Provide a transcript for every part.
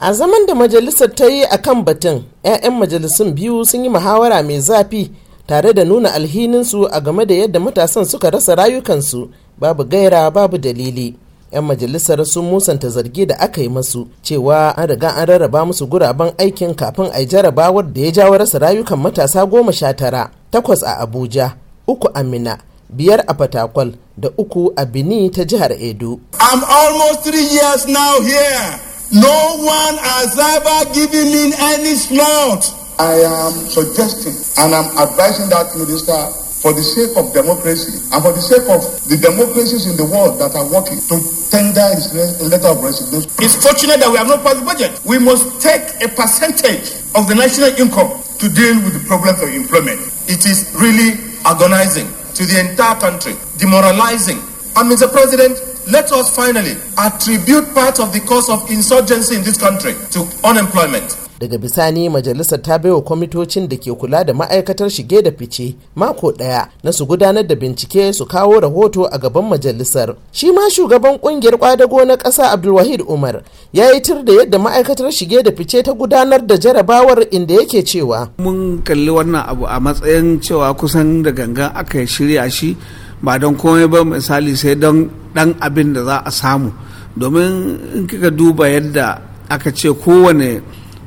a zaman da majalisar ta yi a kan batun 'ya'yan majalisun biyu sun yi muhawara mai zafi tare da nuna alhininsu a game da yadda matasan suka rasa rayukansu babu gaira babu dalili 'yan majalisar sun musanta zargi da aka yi masu cewa an riga an rarraba musu guraben aikin kafin a jarabawar da ya jawo rasa rayukan matasa goma sha tara takwas a abuja uku a Minna, biyar a fatakwal da uku a bini ta jihar edo i'm almost three years now here No one has ever given in any slot. I am suggesting and I'm advising that minister for the sake of democracy and for the sake of the democracies in the world that are working to tender his letter of resignation. It's fortunate that we have not passed the budget. We must take a percentage of the national income to deal with the problems of employment. It is really agonizing to the entire country, demoralizing. And Mr. President, Let us finally attribute part of the cause of insurgency in this country to unemployment. Daga bisani majalisar ta baiwa kwamitocin da ke kula da ma'aikatar shige da fice mako ɗaya na su gudanar da bincike su kawo rahoto a gaban majalisar. Shi ma shugaban kungiyar kwadago na ƙasa Abdulwahid Umar ya yi tir da yadda ma'aikatar shige da fice ta gudanar da jarabawar inda yake cewa. Mun kalli wannan abu a matsayin cewa kusan da gangan aka shirya shi ba don komai ba misali sai don ɗan abin da za a samu domin in kika duba yadda aka ce kowane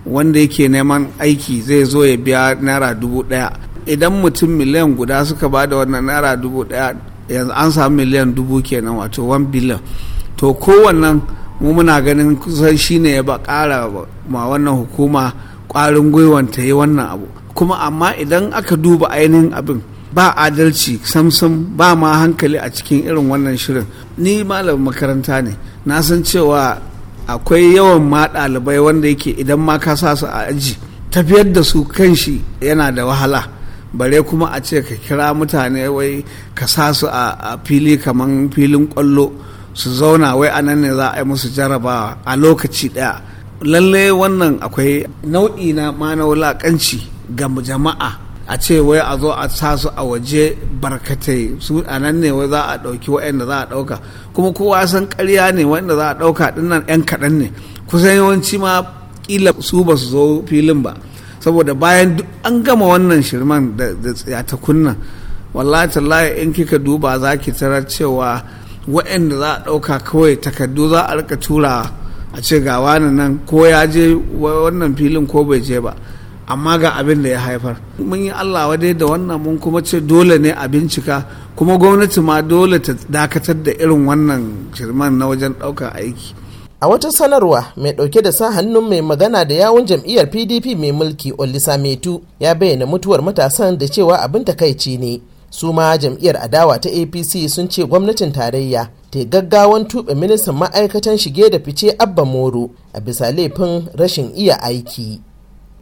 wanda yake neman aiki zai zo ya biya naira dubu ɗaya idan mutum miliyan guda suka ba da wannan naira dubu ɗaya yanzu an samu miliyan dubu kenan wato 1 billion, to kowannan mu muna ganin kusan shine ya ba ƙara ma wannan hukuma ƙwarin gwiwan ta yi wannan abu kuma amma idan aka duba ainihin abin ba adalci samsam ba ma hankali a cikin irin wannan shirin ni malamin makaranta ne na san cewa akwai yawan ma ɗalibai wanda yake idan ma ka sa su a aji tafiyar da su kan shi yana da wahala bare kuma a ce ka kira mutane wai ka sa su a fili kamar filin kwallo su zauna wai a nan ne za a yi musu jarabawa a lokaci ɗaya lalle wannan akwai nau'i na mana wulaƙanci ga jama'a a ce wai a zo a sa su a waje barkatai su a nan ne wai za a ɗauki waɗanda za a ɗauka kuma kowa san ƙarya ne waɗanda za a ɗauka ɗinnan yan kaɗan ne kusan yawanci ma ƙila su ba su zo filin ba saboda bayan duk an gama wannan shirman da tsiyatakun nan wallahi tallahi in kika duba za ki tarar cewa waɗanda za a ɗauka kawai takardu za a rika tura a ce ga wani nan ko ya je wannan filin ko bai je ba amma ga abin da ya haifar mun yi allah wadai da wannan mun kuma ce dole ne a bincika kuma gwamnati ma dole ta dakatar da irin wannan shirman na wajen ɗaukar aiki a wata sanarwa mai ɗauke da sa hannun mai magana da yawun jam'iyyar pdp mai mulki metu ya bayyana mutuwar matasan da cewa abin takaici ne su ma jam'iyyar adawa ta apc sun ce gwamnatin tarayya ta gaggawan tuɓe ministan ma'aikatan shige da fice abba moro a bisa laifin rashin iya aiki